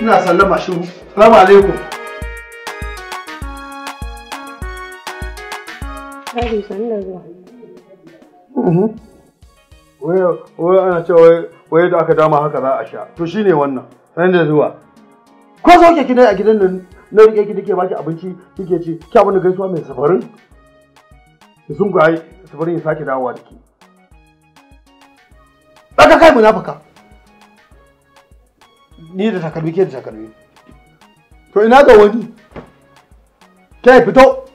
ina sallama shiru salamu alaikum mhm. Wai ana cewa wai da aka dama haka za a sha, to shi ne wannan, sanin da zuwa. Ko sauke ki a gidan nan na rike ki dake baki abinci kike ci, ki abin da gaisuwa mai safarin? Ki sun ku ai, safarin ya sake dawowa da ke. kai munafuka. ni da takalmi ke da takalmi to ina ga wani kai fito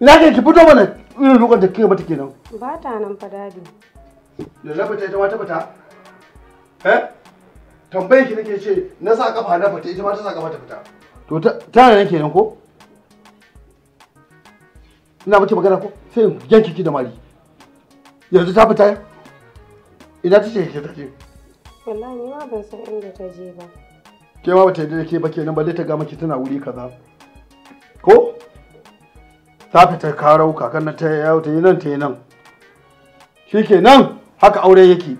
ina ke ki fito mana irin lokacin da kike mata kenan ba ta nan fa dadi da ta ita ma ta fita eh tambayar ki nake ce na sa kafa na fita ita ma ta sa kafa ta fita to ta nan kenan ko ina miki magana ko sai yanki ki da mari yanzu ta fita ina ta ce ki take wallahi ni ma ban san inda ta je ba ke ma bata yadda ke ba kenan ba zai ta ga maki tana wuri kaza ko ta fita karau kakan na ta yawo ta yi nan ta yi nan shikenan haka aure yake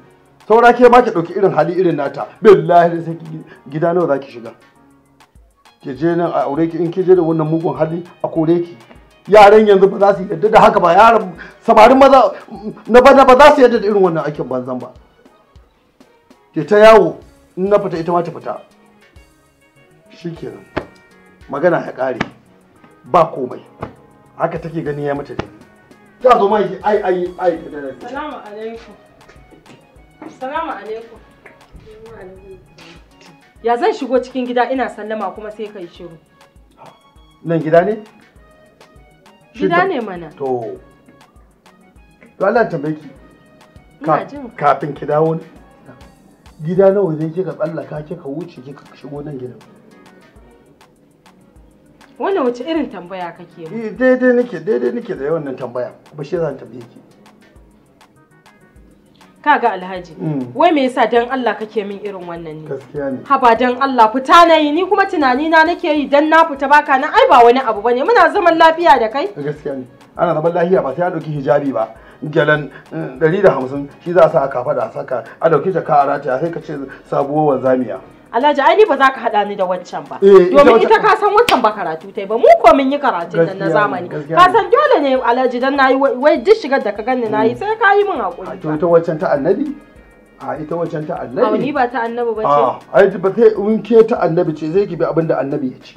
saura ke ma ki dauki irin hali irin nata billahi da sai gida nawa za ki shiga ki je nan a aure ki in ki je da wannan mugun hali a kore ki yaran yanzu ba za su yadda da haka ba yaran samarin maza na bana ba za su yadda da irin wannan aikin banzan ba ke ta yawo in na fita ita ma ta fita nan, magana ya ƙare ba komai haka take gani ya mata da ta zo ma yi ai ai ai salamu alaikum salamu alaikum ya zan shigo cikin gida ina sallama kuma sai kai shiru nan gida ne gida ne mana to to Allah tambaye ki kafin ki dawo ne gida nawa zai kika tsallaka kika wuce kika shigo nan gidan wannan wace irin tambaya kake yi eh, daidai nake daidai nake da wannan tambaya shi zan tambaye ki kaga alhaji mm. wai me yasa dan Allah kake min irin wannan ne gaskiya ne haba dan Allah fita na yi ni kuma tunani na nake yi dan na fita baka na ai ba wani abu bane muna zaman lafiya da kai gaskiya ne ana zaman lafiya ba sai a dauki hijabi ba gyalan mm, hamsin shi za a sa a kafa a saka a ɗauki ka a rataya sai ka ce sabuwar wanzamiya. Alhaji ai ni ba za ka haɗa ni da wancan ba. Eh, Domin ita ka san wancan ba karatu ta ba mu ko mun yi karatu nan na zamani. Ka san dole ne Alhaji dan nayi wai duk shigar da ka gani nayi mm. sai ka yi min hakuri. To ita wancan ta annabi? A ita wancan ta annabi? A ni ba ta annabi ba ce. A ai ba sai in ke ta annabi ce zai ki bi abin da annabi ya ce.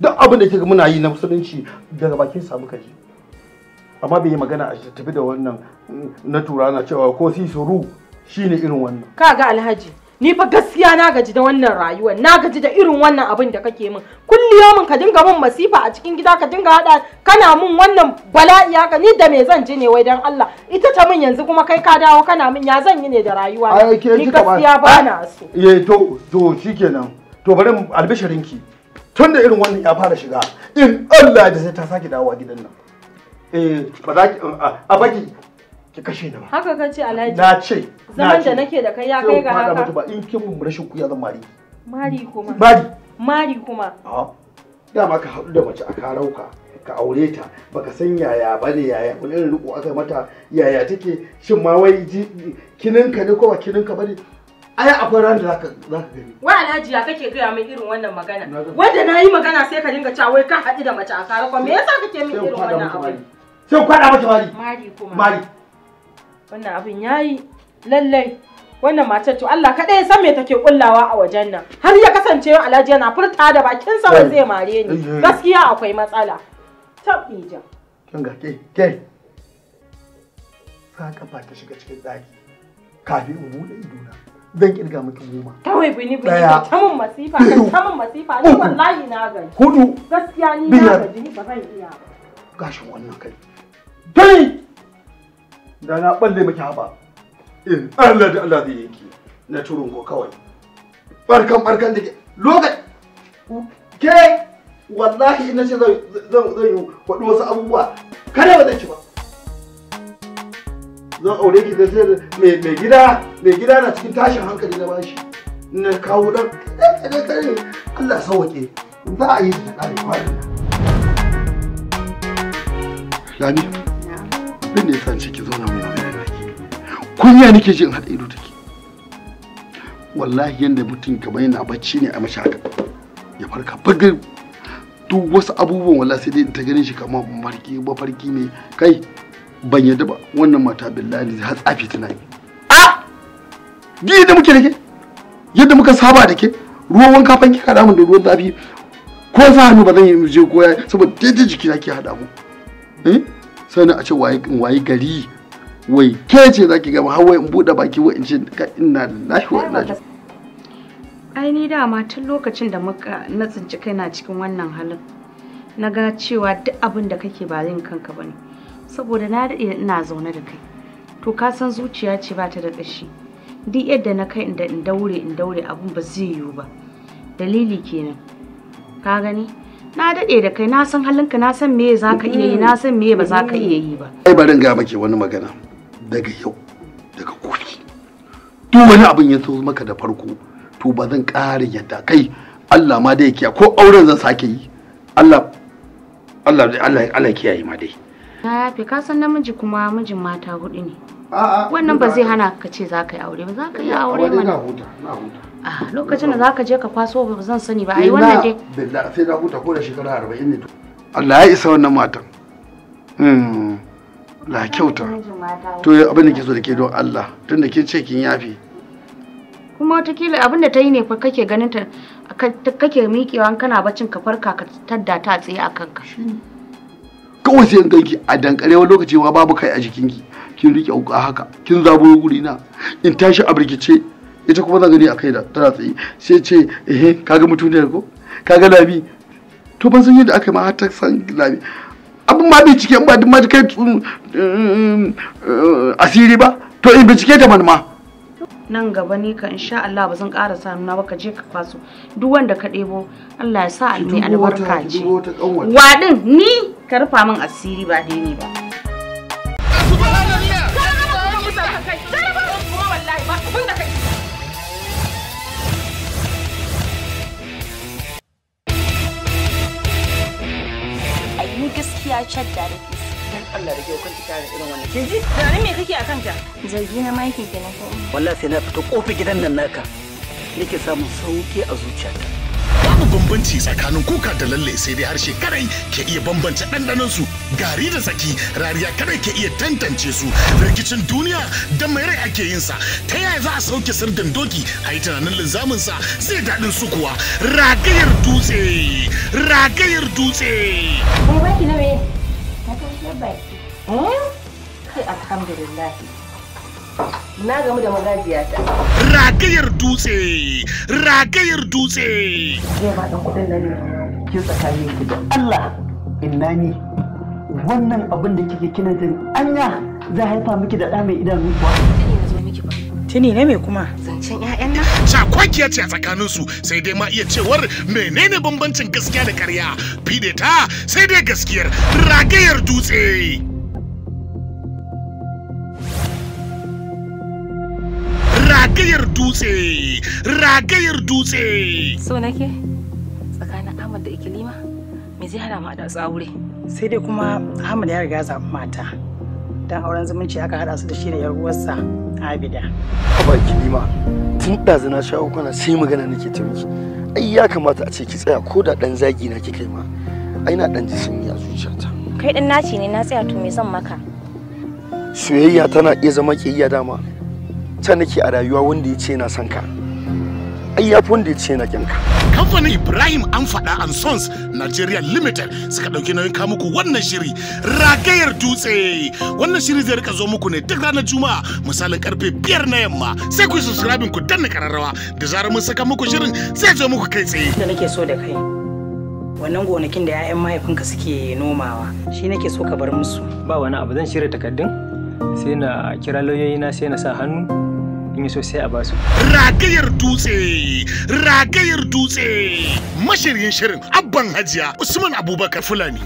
Duk abin da kika muna yi na musulunci daga bakin samu kaji. amma bai yi magana a tafi da wannan na tura cewa ko si suru shine irin wannan kaga alhaji ni fa gaskiya na gaji da wannan rayuwar na gaji da irin wannan abin da kake min kulliyomin ka dinga min masifa a cikin gida ka dinga hada kana min wannan bala'i haka ni da me zan ji ne wai dan Allah ita ta min yanzu kuma kai ka dawo kana min ya zan yi ne da rayuwa ni gaskiya ba na ah, so ye to to shikenan to bari albishirinki tunda irin wannan ya fara shiga in Allah da sai ta sake dawo gidan nan eh ba za ki a baki ki kashe ni ba haka ka ce alhaji na ce zaman da nake da kai ya kai ga haka ba in kin mun rashin kuya zan mari mari kuma mari mari kuma a dama ka haɗu da mace a karauka ka aure ta baka san yaya bane yaya wani irin riko aka mata yaya take shin ma wai kininka ne ko ba kininka ba ne ai akwai ran da zaka zaka gani wai alhaji ya kake gaya mai irin wannan magana wanda na yi magana sai ka dinga cewa wai ka haɗu da mace a karako me yasa kake min irin wannan abu sai ku kwaɗa mata mari mari kuma mari wannan abin yayi lallai wannan matar to Allah kaɗai ya san me take kullawa a wajen nan har ya kasance yau Alhaji yana furta da bakin sa zai mare ni gaskiya akwai matsala tabbija kin ga ke ke sa kafa ta shiga cikin zaki kafin in bude iduna, zan kirga miki goma kawai bini bini ka ta mun masifa ka ta mun masifa ni wallahi na gani hudu gaskiya ni na gani ba zan iya ba gashin wannan kai kai da na balle miki haba in Allah da Allah zai yanki na turun ko kawai barkan barkan da lokaci ke wallahi ina ce zan zan yi faɗi wasu abubuwa kada ba zai ci ba zan aure ki da mai mai gida mai gida na cikin tashin hankali na bashi na kawo dan kare kare Allah sauke za a yi da kare kwanan Lami. abin da ya sa sanci ki na mai magana da ki kunya nake jin in ido take wallahi yanda mutum kamar yana bacci ne a mashi haka ya farka bagar duk wasu abubuwan wallahi sai dai in ta ganin shi kamar mafarki mafarki ne kai ban yadda ba wannan mata billahi har tsafi tana yi a bi yadda muke da ke yadda muka saba da ke ruwan wanka fanki kaɗa min da ruwan zafi ko sa hannu ba zan yi je koya saboda daidai jiki na ke haɗa mu eh sai a ce waye gari wai ke ce za ki gama hawa in buɗe baki wai in ce ina lahi wa ina ai ni dama tun lokacin da muka na tsinci na cikin wannan halin na ga cewa duk abin da kake ba yin kanka ba ne saboda na daɗe ina zaune da kai to ka san zuciya ce ba ta da ƙashi duk yadda na kai inda in daure in daure abun ba zai yiwu ba dalili kenan ka gani na daɗe da kai na san halinka na san meye za ka iya yi na san meye ba za ka iya yi ba ai barin ga maki wani magana daga yau daga kofi duk wani abin ya so maka da farko to ba zan ƙara yadda kai Allah ma dai kiya ko auren zan sake yi Allah Allah Allah Allah kiyaye ma dai na yafe ka san namiji kuma mijin mata hudu ne wannan ba zai hana ka ce za ka yi aure ba za ka yi aure mana na huta na huta Ah, lokacin da zaka je ka kwaso ba zan sani ba ai wannan dai billah sai na huta ko da shekara 40 ne to Allah ya isa wannan matan hmm, la kyauta to abin da ke so da ke don Allah tun da ke ce kin yafi kuma watakila abin da ta yi ne fa kake ganin ta kake miƙewa kana baccin ka farka ka tadda ta tsaye a kanka kawai sai in ganki a dankare wani lokaci ma babu kai a jikinki kin rike a haka kin zabo guri na in tashi a birkice ita kuma na gani a da tana tsaye sai ce ehe kaga mutuniyar ko kaga labi to ban san yadda aka ma har ta san labi abin ma bincike ba duk ma kai mm, mm, mm, asiri ba to in bincike ta man ma nan gaba ni ka insha Allah ba zan ƙara sa nuna ba ka je ka kwaso duk wanda ka ɗebo Allah ya sa almai albarka ce wa din ni ka rufa min asiri ba dai ne ba cat da rufi. Dan Allah da kyau kanki irin wannan. Kin ji? Tare me kake a kanta? Zargi na ke na kai. Wallahi sai na fito kofi gidan nan naka. Nake samun sauki a zuciyata. Babu bambanci tsakanin kuka da lalle sai dai harshe kadai ke iya bambance ɗanɗanon su. Gari da tsaki rariya kadai ke iya tantance su. Rikicin duniya da mai rai ake yin sa. Ta yaya za a sauke sirdan doki a yi tunanin linzamin sa sai daɗin su kuwa. Ragayar dutse. Ragayar dutse. Kai baki na me? alhamdulillah na gamu da magajiyata ragayar dutse ragayar dutse zai ba dan kudin nan ne ke tsakani ki da Allah inna ni wannan abin da kike kina jin anya za haifa miki da ɗa mai idanu kuwa tuni na zo miki ba Tini na me kuma zancen ƴaƴan nan fakiya ce a tsakaninsu sai dai ma iya cewar menene bambancin gaskiya da karya fide ta sai dai gaskiyar ragayar dutse ragayar dutse ragayar dutse so nake tsakanin ahmad da ikilima me zai hana mu a aure sai dai kuma ahmad ya riga zaɓi mata dan auren zumunci aka hada su da shi da yar uwarsa Abida ba ki ma tun ɗazu na sha uku na sai magana nake ta miki ai ya kamata a ce ki tsaya ko da dan zagi na kika yi ma ai na dan ji sunyi a zuciyata kai dan naci ne na tsaya to me zan maka soyayya tana iya zama kiyayya dama ta nake a rayuwa wanda ya ce na son ka ai ya ce na kinka kamfanin ibrahim an faɗa and sons nigeria limited suka ɗauki nauyin ka muku wannan shiri ragayar dutse wannan shiri zai rika zo muku ne duk ranar juma'a misalin karfe biyar na yamma sai ku subscribe ku danna kararrawa da zarar mun saka muku shirin zai zo muku kai tsaye da nake so da kai wannan gonakin da 'ya'yan mahaifinka suke nomawa shi nake so ka bar musu ba wani abu zan shirya takardun sai na kira lauyoyina sai na sa hannu in so a basu. Ragayar dutse, ragayar dutse. Mashirin shirin Abban Hajiya Usman Abubakar Fulani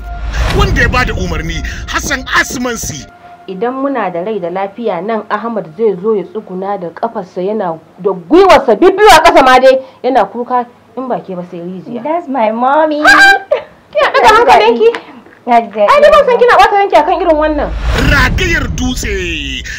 wanda ya bada umarni Hassan Asmansi. Idan muna da rai da lafiya nan Ahmad zai zo ya tsuguna da kafarsa yana da gwiwarsa bibiyu a ƙasa ma dai yana kuka in ba ke ba sai rijiya. That's my mommy. Ah! Kina ɗaga hankalinki? Ai, ni ban san kina bata yanki akan irin wannan. Ragayar dutse.